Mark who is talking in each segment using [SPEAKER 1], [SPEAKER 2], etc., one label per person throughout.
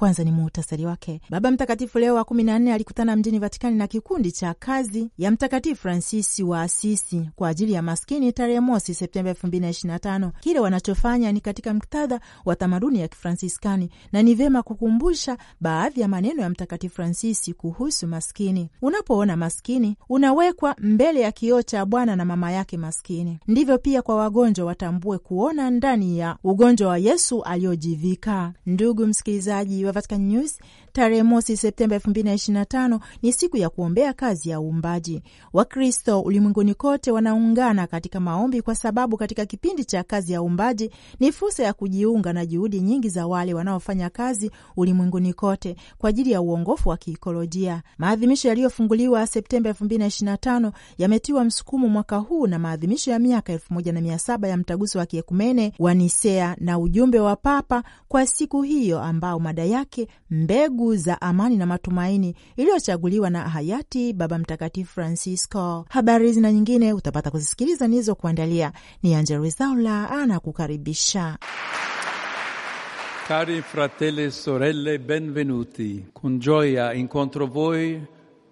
[SPEAKER 1] kwanza ni muhtasari wake. Baba Mtakatifu Leo wa kumi na nne alikutana mjini Vatikani na kikundi cha kazi ya Mtakatifu Fransisi wa Asisi kwa ajili ya maskini tarehe mosi Septemba elfu mbili na ishirini na tano. Kile wanachofanya ni katika muktadha wa tamaduni ya Kifransiskani na ni vyema kukumbusha baadhi ya maneno ya Mtakatifu Fransisi kuhusu maskini. Unapoona maskini, unawekwa mbele ya kioo cha Bwana na mama yake maskini. Ndivyo pia kwa wagonjwa, watambue kuona ndani ya ugonjwa wa Yesu aliojivika. Ndugu msikilizaji wa Vatican News tarehe mosi Septemba 2025 ni siku ya kuombea kazi ya uumbaji. Wakristo ulimwenguni kote wanaungana katika maombi, kwa sababu katika kipindi cha kazi ya uumbaji ni fursa ya kujiunga na juhudi nyingi za wale wanaofanya kazi ulimwenguni kote kwa ajili ya uongofu wa kiikolojia. Maadhimisho yaliyofunguliwa Septemba 2025 yametiwa msukumo mwaka huu na maadhimisho ya miaka 1700 ya mtaguso wa kiekumene wa Nisea na ujumbe wa Papa kwa siku hiyo ambao mada yake yake mbegu za amani na matumaini iliyochaguliwa na hayati Baba Mtakatifu Francisco. Habari zina nyingine utapata kuzisikiliza nizo kuandalia ni Angella Rwezaula anakukaribisha.
[SPEAKER 2] Cari fratelli sorelle, benvenuti. Con gioia incontro voi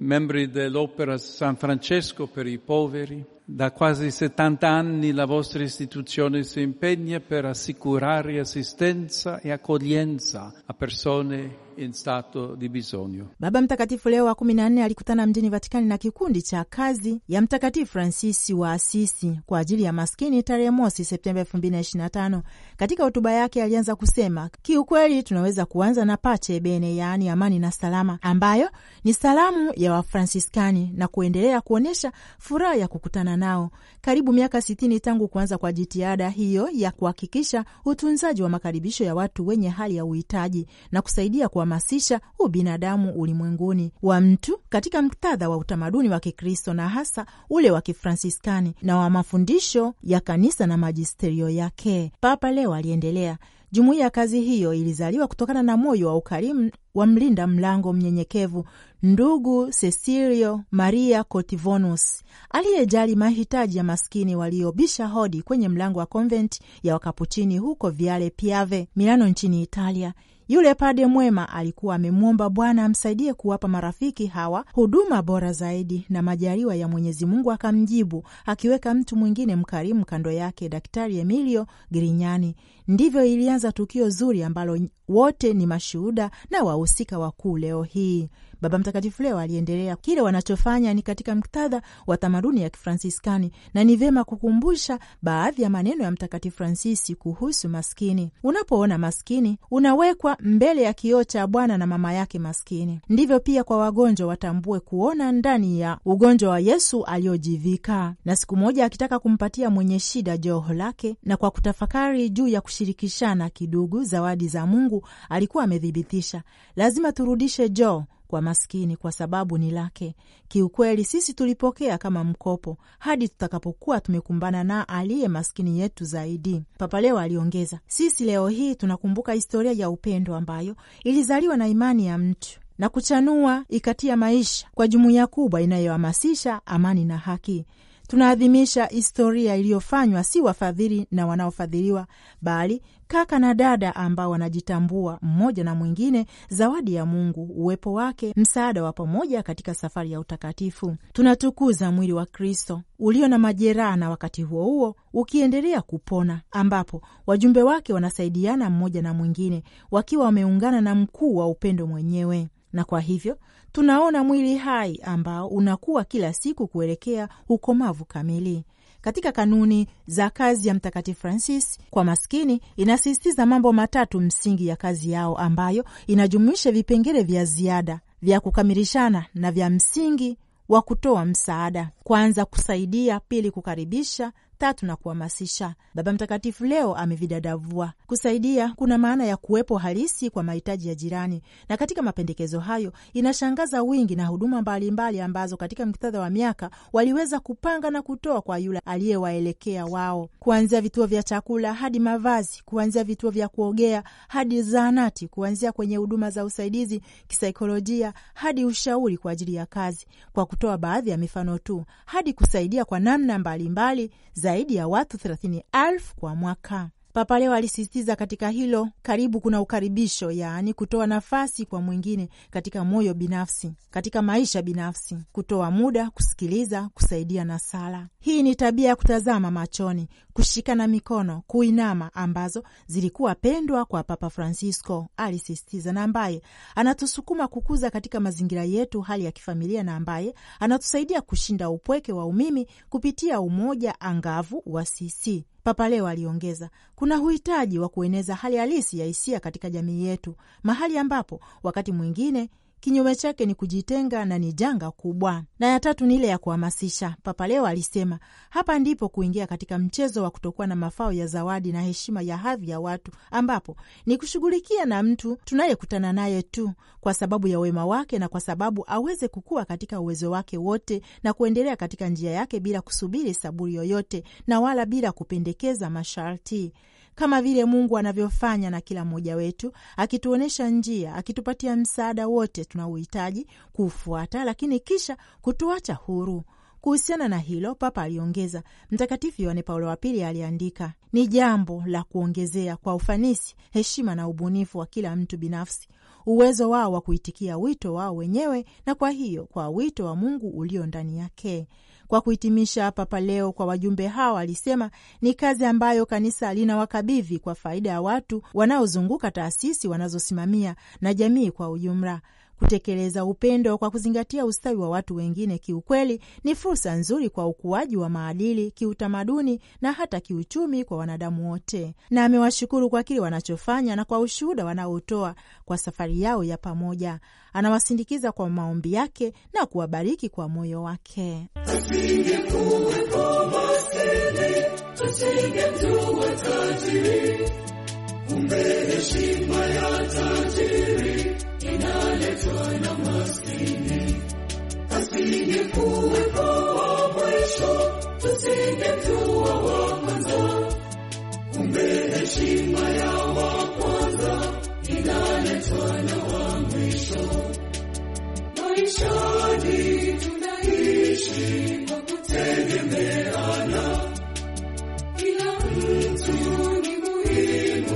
[SPEAKER 2] membri dell'Opera San Francesco per i poveri Da quasi 70 anni la vostra istituzione si impegna per assicurare assistenza e accoglienza a persone in stato di bisogno.
[SPEAKER 1] Baba Mtakatifu Leo wa kumi alikutana mjini Vatikani na kikundi cha kazi ya Mtakatifu Fransisi wa Asisi kwa ajili ya maskini tarehe mosi Septemba 2025. Katika hotuba yake alianza kusema, kiukweli tunaweza kuanza na pache bene, yaani amani na salama, ambayo ni salamu ya Wafransiskani na kuendelea kuonyesha furaha ya kukutana nao karibu miaka sitini tangu kuanza kwa jitihada hiyo ya kuhakikisha utunzaji wa makaribisho ya watu wenye hali ya uhitaji na kusaidia kuhamasisha ubinadamu ulimwenguni wa mtu katika muktadha wa utamaduni wa Kikristo na hasa ule wa Kifransiskani na wa mafundisho ya Kanisa na majisterio yake. Papa leo aliendelea Jumuiya ya kazi hiyo ilizaliwa kutokana na moyo wa ukarimu wa mlinda mlango mnyenyekevu ndugu Cecilio Maria Cotivonus aliyejali mahitaji ya maskini waliobisha hodi kwenye mlango wa konventi ya Wakapuchini huko Viale Piave, Milano nchini Italia yule pade mwema alikuwa amemwomba Bwana amsaidie kuwapa marafiki hawa huduma bora zaidi, na majaliwa ya Mwenyezi Mungu akamjibu akiweka mtu mwingine mkarimu kando yake, Daktari Emilio Girinyani. Ndivyo ilianza tukio zuri ambalo wote ni mashuhuda na wahusika wakuu leo hii. Baba Mtakatifu leo aliendelea, kile wanachofanya ni katika muktadha wa tamaduni ya Kifransiskani, na ni vyema kukumbusha baadhi ya maneno ya Mtakatifu Fransisi kuhusu maskini. Unapoona maskini, unawekwa mbele ya kioo cha Bwana na mama yake maskini. Ndivyo pia kwa wagonjwa, watambue kuona ndani ya ugonjwa wa Yesu aliyojivika. Na siku moja akitaka kumpatia mwenye shida joho lake, na kwa kutafakari juu ya kushirikishana kidugu zawadi za Mungu, alikuwa amethibitisha lazima turudishe joho kwa maskini kwa sababu ni lake. Kiukweli sisi tulipokea kama mkopo hadi tutakapokuwa tumekumbana na aliye maskini yetu zaidi. Papa Leo aliongeza, sisi leo hii tunakumbuka historia ya upendo ambayo ilizaliwa na imani ya mtu na kuchanua ikatia maisha kwa jumuiya kubwa inayohamasisha amani na haki tunaadhimisha historia iliyofanywa si wafadhili na wanaofadhiliwa, bali kaka na dada ambao wanajitambua mmoja na mwingine, zawadi ya Mungu, uwepo wake, msaada wa pamoja katika safari ya utakatifu. Tunatukuza mwili wa Kristo ulio na majeraha na wakati huo huo ukiendelea kupona, ambapo wajumbe wake wanasaidiana mmoja na mwingine, wakiwa wameungana na mkuu wa upendo mwenyewe na kwa hivyo tunaona mwili hai ambao unakuwa kila siku kuelekea ukomavu kamili. Katika kanuni za kazi ya Mtakatifu Francis kwa maskini inasisitiza mambo matatu msingi ya kazi yao ambayo inajumuisha vipengele vya ziada vya kukamilishana na vya msingi wa kutoa msaada: kwanza, kusaidia; pili, kukaribisha; tatu na kuhamasisha. Baba Mtakatifu leo amevidadavua. Kusaidia kuna maana ya kuwepo halisi kwa mahitaji ya jirani, na katika mapendekezo hayo inashangaza wingi na huduma mbalimbali mbali ambazo katika muktadha wa miaka waliweza kupanga na kutoa kwa yule aliyewaelekea wao, kuanzia vituo vya chakula hadi mavazi, kuanzia vituo vya kuogea hadi zahanati, kuanzia kwenye huduma za usaidizi kisaikolojia hadi ushauri kwa ajili ya kazi, kwa kutoa baadhi ya mifano tu, hadi kusaidia kwa namna mbalimbali mbali, zaidi ya watu 30,000 kwa mwaka. Papa leo alisisitiza katika hilo, karibu kuna ukaribisho, yaani kutoa nafasi kwa mwingine katika moyo binafsi, katika maisha binafsi, kutoa muda, kusikiliza, kusaidia na sala. Hii ni tabia ya kutazama machoni, kushikana mikono, kuinama, ambazo zilikuwa pendwa kwa Papa Francisco, alisisitiza, na ambaye anatusukuma kukuza katika mazingira yetu hali ya kifamilia, na ambaye anatusaidia kushinda upweke wa umimi kupitia umoja angavu wa sisi Papa Leo aliongeza, kuna uhitaji wa kueneza hali halisi ya hisia katika jamii yetu, mahali ambapo wakati mwingine Kinyume chake ni kujitenga na ni janga kubwa. Na ya tatu ni ile ya kuhamasisha. Papa Leo alisema hapa ndipo kuingia katika mchezo wa kutokuwa na mafao ya zawadi na heshima ya hadhi ya watu, ambapo ni kushughulikia na mtu tunayekutana naye tu kwa sababu ya wema wake na kwa sababu aweze kukua katika uwezo wake wote na kuendelea katika njia yake bila kusubiri saburi yoyote na wala bila kupendekeza masharti kama vile Mungu anavyofanya na kila mmoja wetu, akituonyesha njia, akitupatia msaada wote tunaohitaji kufuata lakini kisha kutuacha huru. Kuhusiana na hilo, Papa aliongeza, Mtakatifu Yohane Paulo wa Pili aliandika, ni jambo la kuongezea kwa ufanisi, heshima na ubunifu wa kila mtu binafsi uwezo wao wa kuitikia wito wao wenyewe na kwa hiyo kwa wito wa Mungu ulio ndani yake. Kwa kuhitimisha, Papa leo kwa wajumbe hao alisema ni kazi ambayo kanisa lina wakabidhi kwa faida ya watu wanaozunguka taasisi wanazosimamia na jamii kwa ujumla. Kutekeleza upendo kwa kuzingatia ustawi wa watu wengine, kiukweli ni fursa nzuri kwa ukuaji wa maadili, kiutamaduni na hata kiuchumi kwa wanadamu wote, na amewashukuru kwa kile wanachofanya na kwa ushuhuda wanaotoa kwa safari yao ya pamoja. Anawasindikiza kwa maombi yake na kuwabariki kwa moyo wake.
[SPEAKER 3] Kumbe heshima ya tajiri inaletwa na maskini. Asingekuwepo wa mwisho, tusingemjua wa kwanza. Kumbe heshima ya wa kwanza inaletwa na wa mwisho. Maishani tunaishi kwa kutegemeana, kila mtu ni muhimu.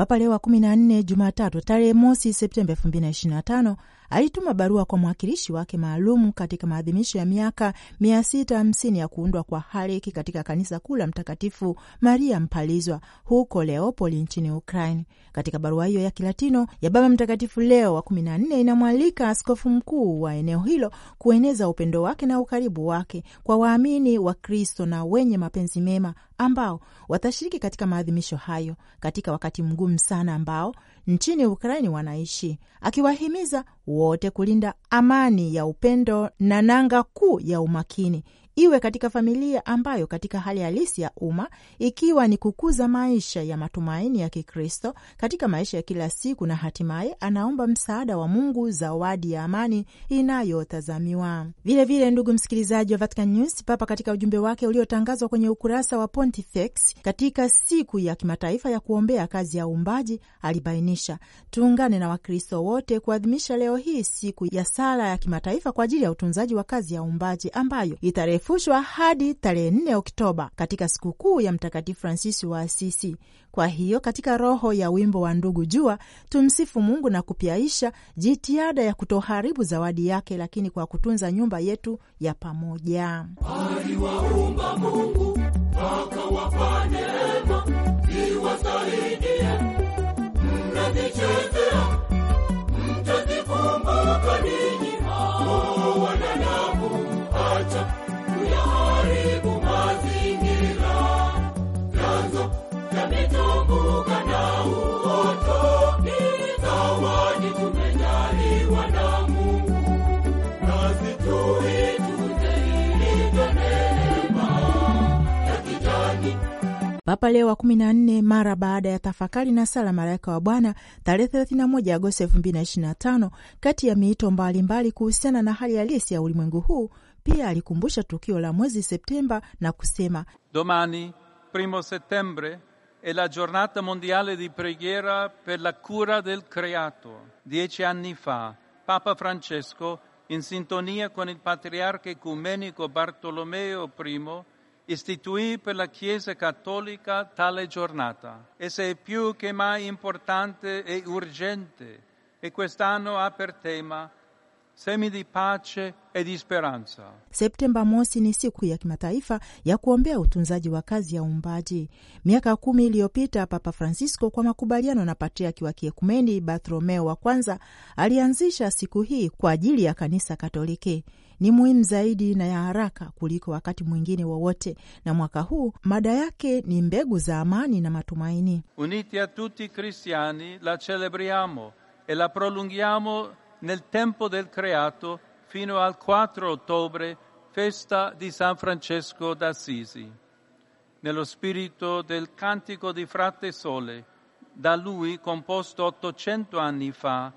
[SPEAKER 1] Papa Leo wa 14 Jumatatu tarehe mosi Septemba 2025 alituma barua kwa mwakilishi wake maalum katika maadhimisho ya miaka mia sita hamsini ya kuundwa kwa hariki katika kanisa kuu la Mtakatifu Maria Mpalizwa huko Leopoli nchini Ukraine. Katika barua hiyo ya Kilatino ya Baba Mtakatifu Leo wa kumi na nne inamwalika askofu mkuu wa eneo hilo kueneza upendo wake na ukaribu wake kwa waamini wa Kristo na wenye mapenzi mema ambao watashiriki katika maadhimisho hayo katika wakati mgumu sana ambao nchini Ukraini wanaishi, akiwahimiza wote kulinda amani ya upendo na nanga kuu ya umakini iwe katika familia ambayo katika hali halisi ya umma, ikiwa ni kukuza maisha ya matumaini ya Kikristo katika maisha ya kila siku, na hatimaye anaomba msaada wa Mungu, zawadi ya amani inayotazamiwa vilevile. Ndugu msikilizaji wa Vatican News, Papa katika ujumbe wake uliotangazwa kwenye ukurasa wa Pontifex katika siku ya kimataifa ya kuombea kazi ya uumbaji alibainisha, tuungane na Wakristo wote kuadhimisha leo hii siku ya sala ya kimataifa kwa ajili ya utunzaji wa kazi ya uumbaji ambayo itarefu itafushwa hadi tarehe 4 Oktoba katika sikukuu ya Mtakatifu Fransisi wa Asisi. Kwa hiyo katika roho ya wimbo wa Ndugu Jua tumsifu Mungu na kupyaisha jitihada ya kutoharibu zawadi yake, lakini kwa kutunza nyumba yetu ya pamoja.
[SPEAKER 3] Aliwaumba Mungu akawapa neema
[SPEAKER 1] Papa Leo wa kumi mara baada ya tafakari na sala malaika wa Bwana tarehe 31 Agosti 2025 kati ya miito mbalimbali kuhusiana na hali halisi ya ulimwengu huu, pia alikumbusha tukio la mwezi Septemba na kusema,
[SPEAKER 2] domani primo settembre è la giornata mondiale di preghiera per la cura del creato. Dieci anni fa Papa Francesco, in sintonia con il patriarca ecumenico Bartolomeo I, istituì per la Chiesa Cattolica tale giornata. Essa è più che mai importante e urgente e quest'anno ha per tema semi di pace e di speranza.
[SPEAKER 1] Septemba mosi ni siku ya kimataifa ya kuombea utunzaji wa kazi ya uumbaji. Miaka kumi iliyopita, Papa Francisco kwa makubaliano na Patriaki wa Kiekumeni Bartholomeo wa Kwanza alianzisha siku hii kwa ajili ya kanisa Katoliki. Ni muhimu zaidi na ya haraka kuliko wakati mwingine wowote wa na mwaka huu mada yake ni mbegu za amani na matumaini.
[SPEAKER 2] Uniti a tutti i cristiani la celebriamo e la prolungiamo nel tempo del creato fino al 4 ottobre, festa di San Francesco d'Assisi. Nello spirito del cantico di Frate Sole, da lui composto 800 anni fa,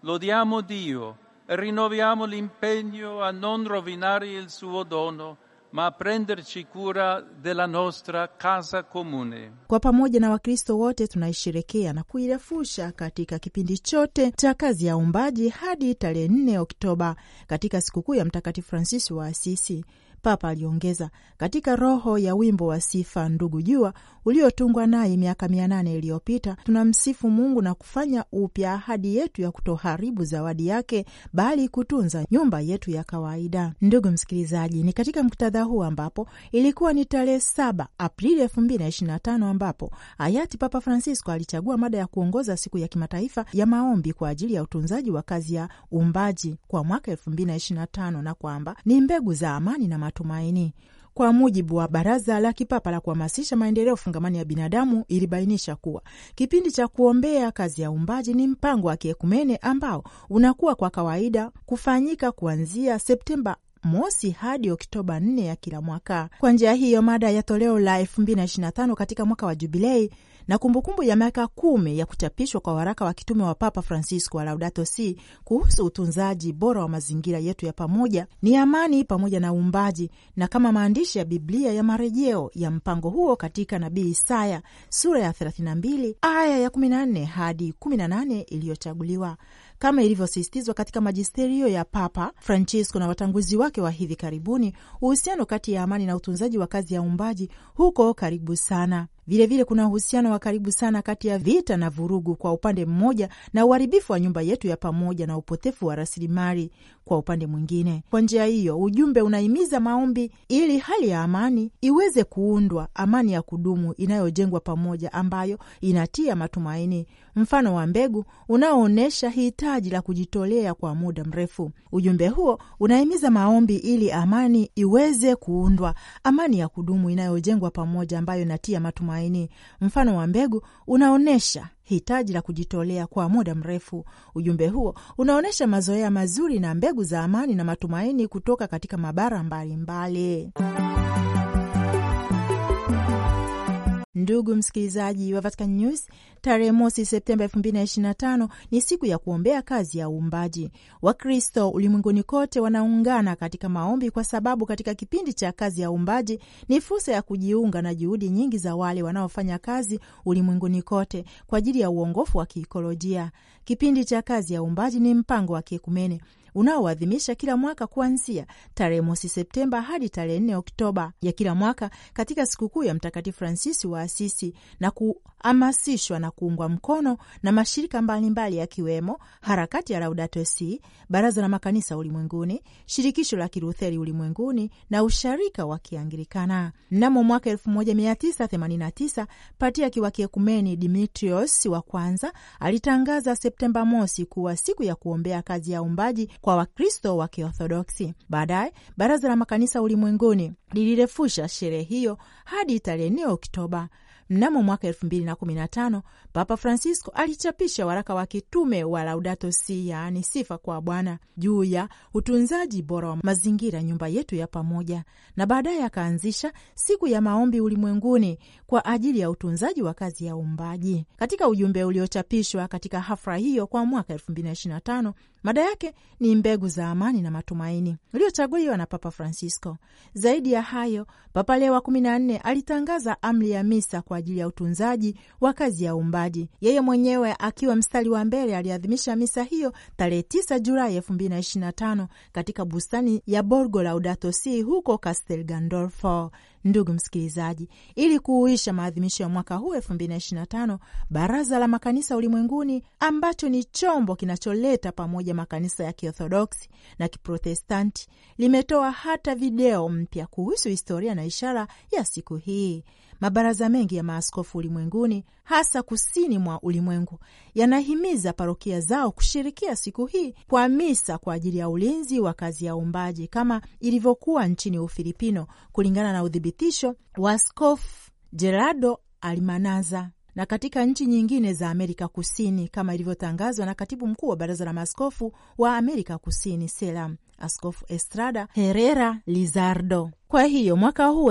[SPEAKER 2] lodiamo Dio e rinnoviamo l'impegno a non rovinare il suo dono ma prenderci cura della nostra casa comune.
[SPEAKER 1] Kwa pamoja na Wakristo wote tunaisherekea na kuirefusha katika kipindi chote cha kazi ya umbaji hadi tarehe 4 Oktoba katika sikukuu ya Mtakatifu Fransisi wa Asisi. Papa aliongeza katika roho ya wimbo wa sifa Ndugu Jua uliotungwa naye miaka mia nane iliyopita. Tunamsifu Mungu na kufanya upya ahadi yetu ya kutoharibu zawadi yake, bali kutunza nyumba yetu ya kawaida. Ndugu msikilizaji, ni katika muktadha huu ambapo ilikuwa ni tarehe 7 Aprili tano ambapo hayati Papa Francisco alichagua mada ya kuongoza siku ya kimataifa ya maombi kwa ajili ya utunzaji wa kazi ya uumbaji kwa mwaka 2025 na kwamba ni mbegu za amani na matumaini. Kwa mujibu wa Baraza la Kipapa la Kuhamasisha Maendeleo Fungamani ya Binadamu, ilibainisha kuwa kipindi cha kuombea kazi ya uumbaji ni mpango wa kiekumene ambao unakuwa kwa kawaida kufanyika kuanzia Septemba mosi hadi Oktoba 4 ya kila mwaka. Kwa njia hiyo, mada ya toleo la 2025 katika mwaka wa Jubilei na kumbukumbu ya miaka kumi ya kuchapishwa kwa waraka wa kitume wa Papa Francisco wa Laudato Si kuhusu utunzaji bora wa mazingira yetu ya pamoja ni amani pamoja na uumbaji, na kama maandishi ya Biblia ya marejeo ya mpango huo katika nabii Isaya sura ya 32 aya ya 14 hadi 18 iliyochaguliwa kama ilivyosisitizwa katika majisterio ya Papa Francisco na watanguzi wake wa hivi karibuni, uhusiano kati ya amani na utunzaji wa kazi ya uumbaji huko karibu sana. Vilevile vile kuna uhusiano wa karibu sana kati ya vita na vurugu kwa upande mmoja na uharibifu wa nyumba yetu ya pamoja na upotefu wa rasilimali kwa upande mwingine. Kwa njia hiyo, ujumbe unahimiza maombi ili hali ya amani iweze kuundwa, amani ya kudumu inayojengwa pamoja, ambayo inatia matumaini mfano wa mbegu unaoonyesha hitaji la kujitolea kwa muda mrefu. Ujumbe huo unahimiza maombi ili amani iweze kuundwa, amani ya kudumu inayojengwa pamoja, ambayo inatia matumaini. Mfano wa mbegu unaonyesha hitaji la kujitolea kwa muda mrefu. Ujumbe huo unaonyesha mazoea mazuri na mbegu za amani na matumaini kutoka katika mabara mbalimbali mbali. Ndugu msikilizaji wa Vatican News, tarehe mosi Septemba 2025 ni siku ya kuombea kazi ya uumbaji. Wakristo ulimwenguni kote wanaungana katika maombi, kwa sababu katika kipindi cha kazi ya uumbaji ni fursa ya kujiunga na juhudi nyingi za wale wanaofanya kazi ulimwenguni kote kwa ajili ya uongofu wa kiikolojia. Kipindi cha kazi ya uumbaji ni mpango wa kiekumene unaoadhimisha kila mwaka kuanzia tarehe mosi Septemba hadi tarehe nne Oktoba ya kila mwaka katika sikukuu ya Mtakatifu Fransisi wa Asisi na kuhamasishwa na kuungwa mkono na mashirika mbalimbali yakiwemo harakati ya Laudato Si, Baraza la Makanisa Ulimwenguni, Shirikisho la Kilutheri Ulimwenguni na Usharika wa Kianglikana. Mnamo mwaka 1989 Patriaki wa Kiekumeni Dimitrios wa kwanza alitangaza Septemba mosi kuwa siku ya kuombea kazi ya umbaji kwa Wakristo wa Kiorthodoksi. Baadaye Baraza la Makanisa Ulimwenguni lilirefusha sherehe hiyo hadi tarehe 4 Oktoba. Mnamo mwaka 2015 Papa Francisco alichapisha waraka wa kitume wa Laudato Si, yaani sifa kwa Bwana, juu ya utunzaji bora wa mazingira, nyumba yetu ya pamoja, na baadaye akaanzisha siku ya maombi ulimwenguni kwa ajili ya utunzaji wa kazi ya uumbaji. Katika ujumbe uliochapishwa katika hafla hiyo kwa mwaka 2025, mada yake ni mbegu za amani na matumaini, uliochaguliwa na Papa Francisco. Zaidi ya hayo, Papa Leo wa 14 alitangaza amri ya misa kwa kwa ajili ya utunzaji wa kazi ya uumbaji. Yeye mwenyewe akiwa mstari wa mbele aliadhimisha misa hiyo tarehe 9 Julai 2025 katika bustani ya Borgo Laudato Si huko Castel Gandolfo. Ndugu msikilizaji, ili kuuisha maadhimisho ya mwaka huu 2025, Baraza la Makanisa Ulimwenguni, ambacho ni chombo kinacholeta pamoja makanisa ya Kiorthodoksi na Kiprotestanti, limetoa hata video mpya kuhusu historia na ishara ya siku hii mabaraza mengi ya maaskofu ulimwenguni, hasa kusini mwa ulimwengu, yanahimiza parokia zao kushirikia siku hii kwa misa kwa ajili ya ulinzi wa kazi ya uumbaji kama ilivyokuwa nchini Ufilipino, kulingana na udhibitisho wa Askofu Gerardo Almanaza na katika nchi nyingine za Amerika Kusini kama ilivyotangazwa na katibu mkuu wa baraza la maaskofu wa Amerika Kusini selam Askofu Estrada Herrera Lizardo. Kwa hiyo mwaka huu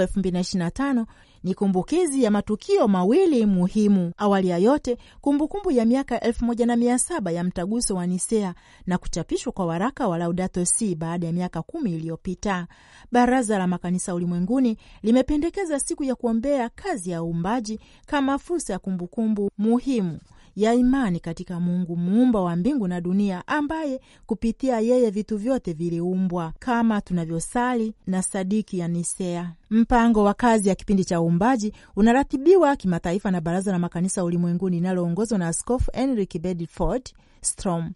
[SPEAKER 1] ni kumbukizi ya matukio mawili muhimu. Awali ya yote, kumbukumbu ya miaka 1700 ya mtaguso wa Nisea na kuchapishwa kwa waraka wa Laudato Si baada ya miaka kumi iliyopita. Baraza la Makanisa Ulimwenguni limependekeza siku ya kuombea kazi ya uumbaji kama fursa ya kumbukumbu muhimu ya imani katika Mungu muumba wa mbingu na dunia, ambaye kupitia yeye vitu vyote viliumbwa, kama tunavyosali na sadiki ya Nisea. Mpango wa kazi ya kipindi cha uumbaji unaratibiwa kimataifa na Baraza la Makanisa Ulimwenguni linaloongozwa na Askofu Henrik Bedford Strom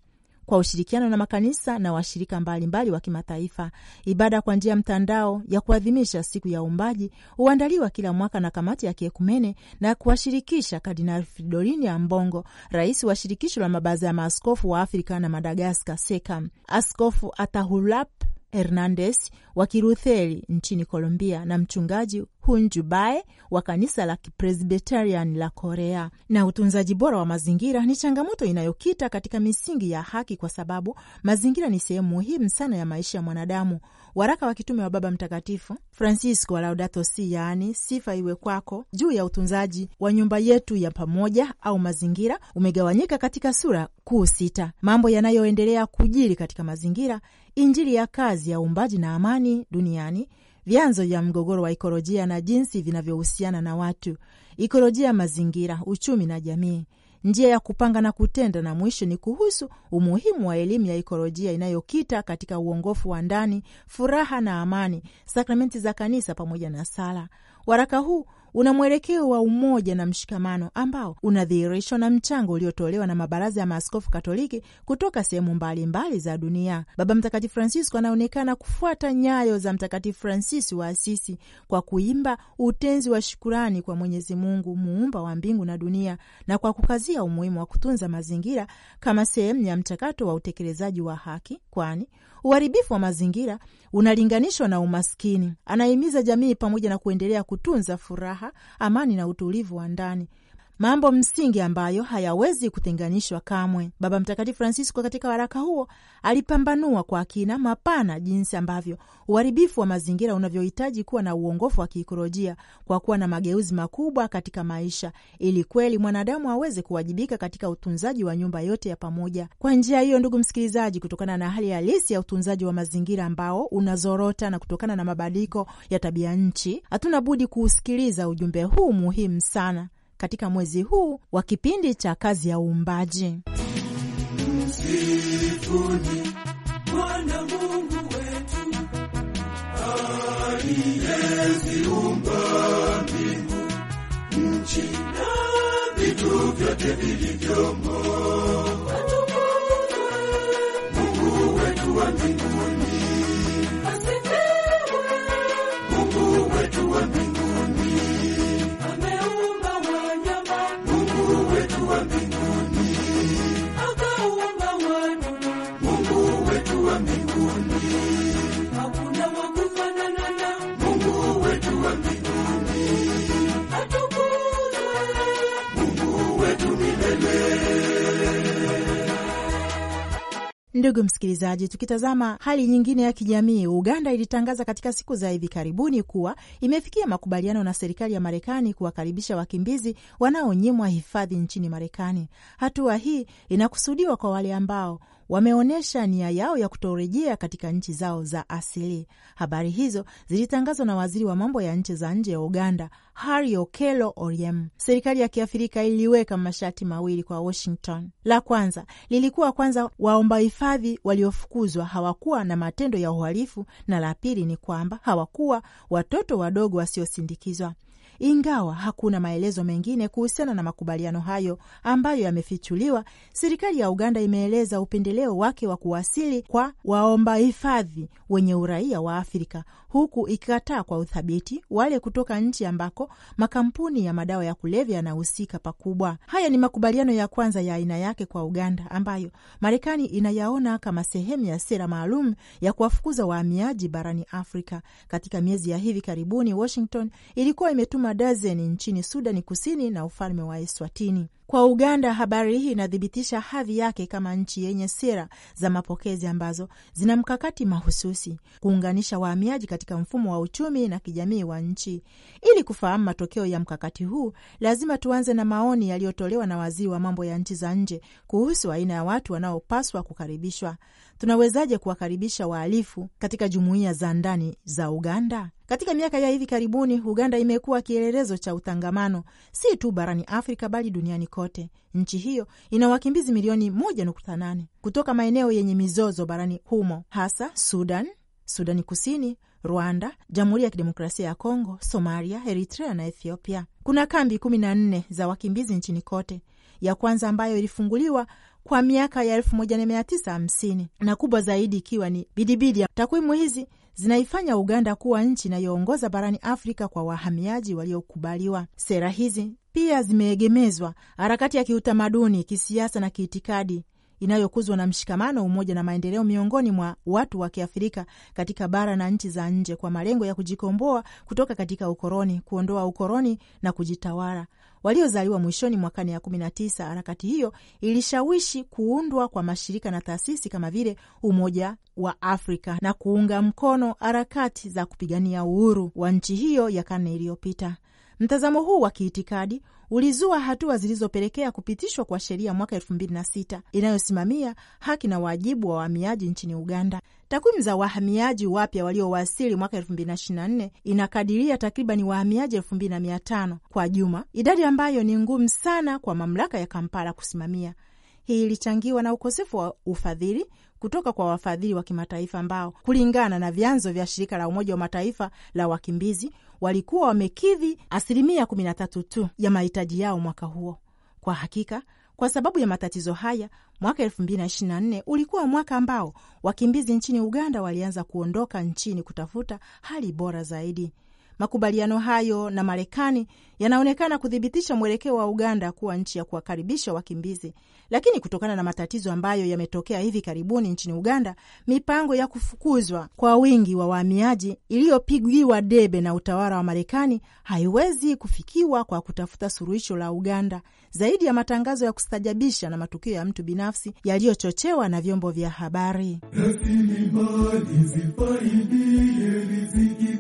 [SPEAKER 1] kwa ushirikiano na makanisa na washirika mbalimbali wa kimataifa. Ibada kwa njia ya mtandao ya kuadhimisha siku ya uumbaji huandaliwa kila mwaka na kamati ya kiekumene na kuwashirikisha kardinal Fridolini Ambongo, rais wa shirikisho la mabaza ya maaskofu wa Afrika na Madagaskar, SEKAM, Askofu Atahulap Hernandez wa kirutheli nchini Colombia na mchungaji hunjubae wa kanisa la Kipresbiterian la Korea. Na utunzaji bora wa mazingira ni changamoto inayokita katika misingi ya haki, kwa sababu mazingira ni sehemu muhimu sana ya maisha ya mwanadamu. Waraka wa kitume wa Baba Mtakatifu Francisco wa Laudato Si, yaani sifa iwe kwako, juu ya utunzaji wa nyumba yetu ya pamoja au mazingira umegawanyika katika sura kuu sita. Mambo yanayoendelea kujiri katika mazingira injili ya kazi ya uumbaji na amani duniani, vyanzo vya mgogoro wa ikolojia na jinsi vinavyohusiana na watu, ikolojia ya mazingira, uchumi na jamii, njia ya kupanga na kutenda, na mwisho ni kuhusu umuhimu wa elimu ya ikolojia inayokita katika uongofu wa ndani, furaha na amani, sakramenti za kanisa pamoja na sala. Waraka huu una mwelekeo wa umoja na mshikamano ambao unadhihirishwa na mchango uliotolewa na mabaraza ya maaskofu Katoliki kutoka sehemu mbalimbali za dunia. Baba Mtakatifu Francisco anaonekana kufuata nyayo za Mtakatifu Fransisi wa Asisi kwa kuimba utenzi wa shukurani kwa Mwenyezi Mungu muumba wa mbingu na dunia, na kwa kukazia umuhimu wa kutunza mazingira kama sehemu ya mchakato wa utekelezaji wa haki, kwani Uharibifu wa mazingira unalinganishwa na umaskini. Anahimiza jamii pamoja na kuendelea kutunza furaha, amani na utulivu wa ndani mambo msingi ambayo hayawezi kutenganishwa kamwe. Baba Mtakatifu Francisco katika waraka huo alipambanua kwa kina mapana jinsi ambavyo uharibifu wa mazingira unavyohitaji kuwa na uongofu wa kiikolojia kwa kuwa na mageuzi makubwa katika maisha, ili kweli mwanadamu aweze kuwajibika katika utunzaji wa nyumba yote ya pamoja. Kwa njia hiyo, ndugu msikilizaji, kutokana na hali halisi ya utunzaji wa mazingira ambao unazorota na kutokana na mabadiliko ya tabia nchi, hatuna budi kuusikiliza ujumbe huu muhimu sana katika mwezi huu wa kipindi cha kazi ya uumbaji.
[SPEAKER 3] Msifuni Bwana Mungu wetu aliyeziumba mbingu, nchi na vitu vyote vilivyomo.
[SPEAKER 1] Ndugu msikilizaji, tukitazama hali nyingine ya kijamii, Uganda ilitangaza katika siku za hivi karibuni kuwa imefikia makubaliano na serikali ya Marekani kuwakaribisha wakimbizi wanaonyimwa hifadhi nchini Marekani. Hatua hii inakusudiwa kwa wale ambao wameonyesha nia yao ya kutorejea katika nchi zao za asili. Habari hizo zilitangazwa na waziri wa mambo ya nchi za nje ya Uganda, Harry Okello Oryem. Serikali ya Kiafrika iliweka masharti mawili kwa Washington. La kwanza lilikuwa kwanza, waomba hifadhi waliofukuzwa hawakuwa na matendo ya uhalifu, na la pili ni kwamba hawakuwa watoto wadogo wasiosindikizwa. Ingawa hakuna maelezo mengine kuhusiana na makubaliano hayo ambayo yamefichuliwa, serikali ya Uganda imeeleza upendeleo wake wa kuwasili kwa waomba hifadhi wenye uraia wa Afrika, huku ikikataa kwa uthabiti wale kutoka nchi ambako makampuni ya madawa ya kulevya yanahusika pakubwa. Haya ni makubaliano ya kwanza ya aina yake kwa Uganda ambayo Marekani inayaona kama sehemu ya sera maalum ya kuwafukuza wahamiaji barani Afrika. Katika miezi ya hivi karibuni, Washington ilikuwa imetuma dazeni nchini Sudani Kusini na ufalme wa Eswatini. Kwa Uganda, habari hii inathibitisha hadhi yake kama nchi yenye sera za mapokezi ambazo zina mkakati mahususi kuunganisha wahamiaji katika mfumo wa uchumi na kijamii wa nchi. Ili kufahamu matokeo ya mkakati huu, lazima tuanze na maoni yaliyotolewa na waziri wa mambo ya nchi za nje kuhusu aina ya watu wanaopaswa kukaribishwa tunawezaje kuwakaribisha wahalifu katika jumuiya za ndani za Uganda? Katika miaka ya hivi karibuni, Uganda imekuwa kielelezo cha utangamano, si tu barani Afrika bali duniani kote. Nchi hiyo ina wakimbizi milioni 1.8 kutoka maeneo yenye mizozo barani humo, hasa Sudan, Sudani Kusini, Rwanda, Jamhuri ya Kidemokrasia ya Kongo, Somalia, Eritrea na Ethiopia. Kuna kambi kumi na nne za wakimbizi nchini kote ya kwanza ambayo ilifunguliwa kwa miaka ya 1950 na kubwa zaidi ikiwa ni Bidibidi. Takwimu hizi zinaifanya Uganda kuwa nchi inayoongoza barani Afrika kwa wahamiaji waliokubaliwa. Sera hizi pia zimeegemezwa harakati ya kiutamaduni, kisiasa na kiitikadi inayokuzwa na mshikamano, umoja na maendeleo miongoni mwa watu wa Kiafrika katika bara na nchi za nje kwa malengo ya kujikomboa kutoka katika ukoloni, kuondoa ukoloni na kujitawala waliozaliwa mwishoni mwa karne ya kumi na tisa. Harakati hiyo ilishawishi kuundwa kwa mashirika na taasisi kama vile Umoja wa Afrika na kuunga mkono harakati za kupigania uhuru wa nchi hiyo ya karne iliyopita. Mtazamo huu wa kiitikadi ulizua hatua zilizopelekea kupitishwa kwa sheria mwaka elfu mbili na sita inayosimamia haki na wajibu wa wahamiaji nchini Uganda. Takwimu za wahamiaji wapya waliowasili mwaka elfu mbili na ishirini na nne inakadiria takribani wahamiaji elfu mbili na mia tano kwa juma, idadi ambayo ni ngumu sana kwa mamlaka ya Kampala kusimamia. Hii ilichangiwa na ukosefu wa ufadhili kutoka kwa wafadhili wa kimataifa ambao kulingana na vyanzo vya shirika la Umoja wa Mataifa la wakimbizi walikuwa wamekidhi asilimia 13 tu ya mahitaji yao mwaka huo. Kwa hakika kwa sababu ya matatizo haya, mwaka 2024 ulikuwa mwaka ambao wakimbizi nchini Uganda walianza kuondoka nchini kutafuta hali bora zaidi. Makubaliano hayo na Marekani yanaonekana kuthibitisha mwelekeo wa Uganda kuwa nchi ya kuwakaribisha wakimbizi, lakini kutokana na matatizo ambayo yametokea hivi karibuni nchini Uganda, mipango ya kufukuzwa kwa wingi wa wahamiaji iliyopigiwa debe na utawala wa Marekani haiwezi kufikiwa kwa kutafuta suluhisho la Uganda zaidi ya matangazo ya kustajabisha na matukio ya mtu binafsi yaliyochochewa na vyombo vya habari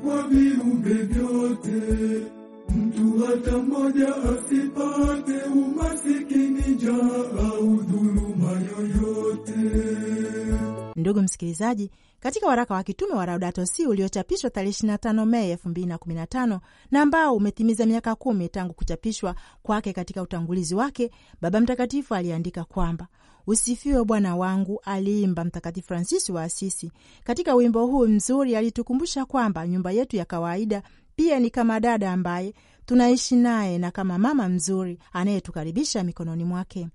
[SPEAKER 3] kwa viumbe vyote, mtu hata mmoja asipate umasikini, njaa au dhuluma
[SPEAKER 1] yoyote. Ndugu msikilizaji, katika waraka wa kitume wa Laudato Si uliochapishwa tarehe 25 Mei 2015 na ambao umetimiza miaka kumi tangu kuchapishwa kwake, katika utangulizi wake Baba Mtakatifu aliandika kwamba Usifiwe Bwana wangu, aliimba Mtakatifu Fransisi wa Asisi. Katika wimbo huu mzuri, alitukumbusha kwamba nyumba yetu ya kawaida pia ni kama dada ambaye tunaishi naye na kama mama mzuri anayetukaribisha mikononi mwake.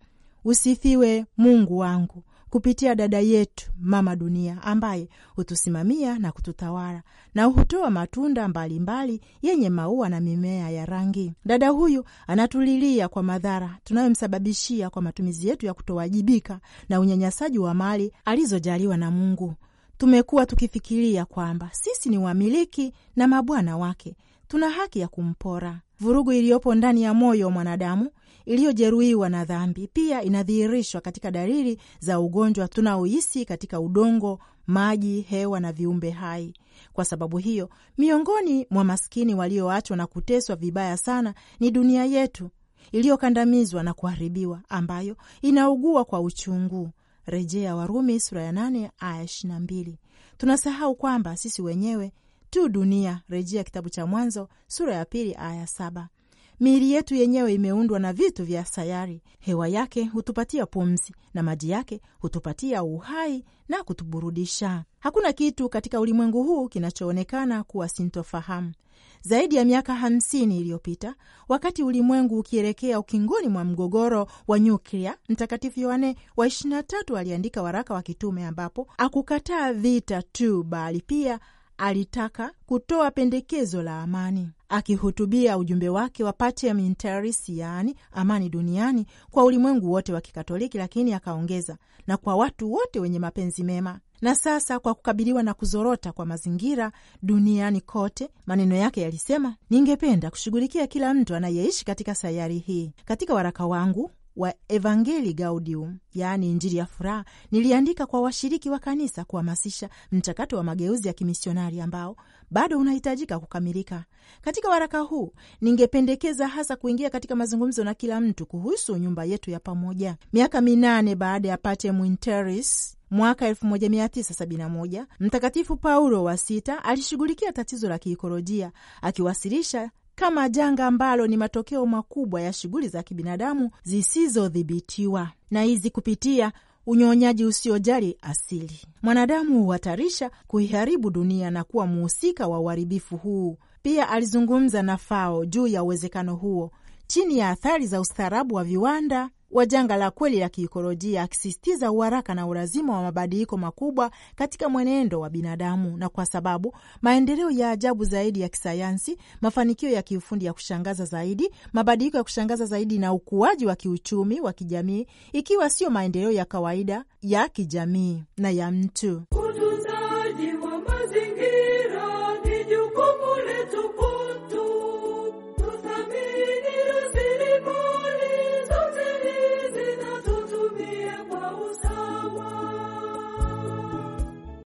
[SPEAKER 1] Usifiwe Mungu wangu kupitia dada yetu mama dunia ambaye hutusimamia na kututawala na hutoa matunda mbalimbali mbali yenye maua na mimea ya rangi. Dada huyu anatulilia kwa madhara tunayomsababishia kwa matumizi yetu ya kutowajibika na unyanyasaji wa mali alizojaliwa na Mungu. Tumekuwa tukifikiria kwamba sisi ni wamiliki na mabwana wake, tuna haki ya kumpora. Vurugu iliyopo ndani ya moyo wa mwanadamu iliyojeruhiwa na dhambi pia inadhihirishwa katika dalili za ugonjwa tunaohisi katika udongo, maji, hewa na viumbe hai. Kwa sababu hiyo, miongoni mwa maskini walioachwa na kuteswa vibaya sana ni dunia yetu iliyokandamizwa na kuharibiwa, ambayo inaugua kwa uchungu. Rejea Warumi sura ya nane aya ishirini na mbili. Tunasahau kwamba sisi wenyewe tu dunia. Rejea kitabu cha Mwanzo sura ya pili aya saba. Miili yetu yenyewe imeundwa na vitu vya sayari. Hewa yake hutupatia pumzi na maji yake hutupatia uhai na kutuburudisha. Hakuna kitu katika ulimwengu huu kinachoonekana kuwa sintofahamu. Zaidi ya miaka hamsini iliyopita, wakati ulimwengu ukielekea ukingoni mwa mgogoro wa nyuklia, Mtakatifu Yohane wa 23 aliandika waraka wa kitume ambapo akukataa vita tu, bali pia alitaka kutoa pendekezo la amani. Akihutubia ujumbe wake wa Pater yaani amani duniani, kwa ulimwengu wote wa Kikatoliki, lakini akaongeza na kwa watu wote wenye mapenzi mema. Na sasa kwa kukabiliwa na kuzorota kwa mazingira duniani kote, maneno yake yalisema, ningependa kushughulikia kila mtu anayeishi katika sayari hii. Katika waraka wangu wa evangeli Gaudium, yaani Injili ya Furaha, niliandika kwa washiriki wa kanisa kuhamasisha mchakato wa mageuzi ya kimisionari ambao bado unahitajika kukamilika. Katika waraka huu, ningependekeza hasa kuingia katika mazungumzo na kila mtu kuhusu nyumba yetu ya pamoja. Miaka minane baada ya pate Mwinteris mwaka 1971 Mtakatifu Paulo wa Sita alishughulikia tatizo la kiikolojia akiwasilisha kama janga ambalo ni matokeo makubwa ya shughuli za kibinadamu zisizodhibitiwa na hizi kupitia unyonyaji usiojali asili. Mwanadamu huhatarisha kuiharibu dunia na kuwa mhusika wa uharibifu huu. Pia alizungumza na FAO juu ya uwezekano huo chini ya athari za ustaarabu wa viwanda wa janga la kweli la kiikolojia, akisisitiza uharaka na ulazima wa mabadiliko makubwa katika mwenendo wa binadamu, na kwa sababu maendeleo ya ajabu zaidi ya kisayansi, mafanikio ya kiufundi ya kushangaza zaidi, mabadiliko ya kushangaza zaidi na ukuaji wa kiuchumi wa kijamii, ikiwa sio maendeleo ya kawaida ya kijamii na ya mtu
[SPEAKER 3] Kutuza.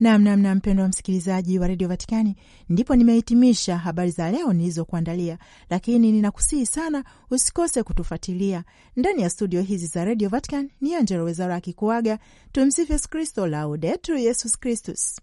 [SPEAKER 1] Namnamna mpendo wa msikilizaji wa redio Vatikani, ndipo nimehitimisha habari za leo nilizokuandalia, lakini ninakusihi sana usikose kutufuatilia ndani ya studio hizi za redio Vatican. Ni Angelo Wezara akikuaga. Tumsifu Yesu Kristo, Laudetur Yesus Kristus.